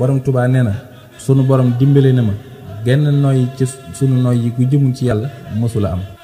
borom tubaa nee na sunu borom dimbale na ma genn noy ci sunu noy yi ku jëmul ci yàlla mosul a am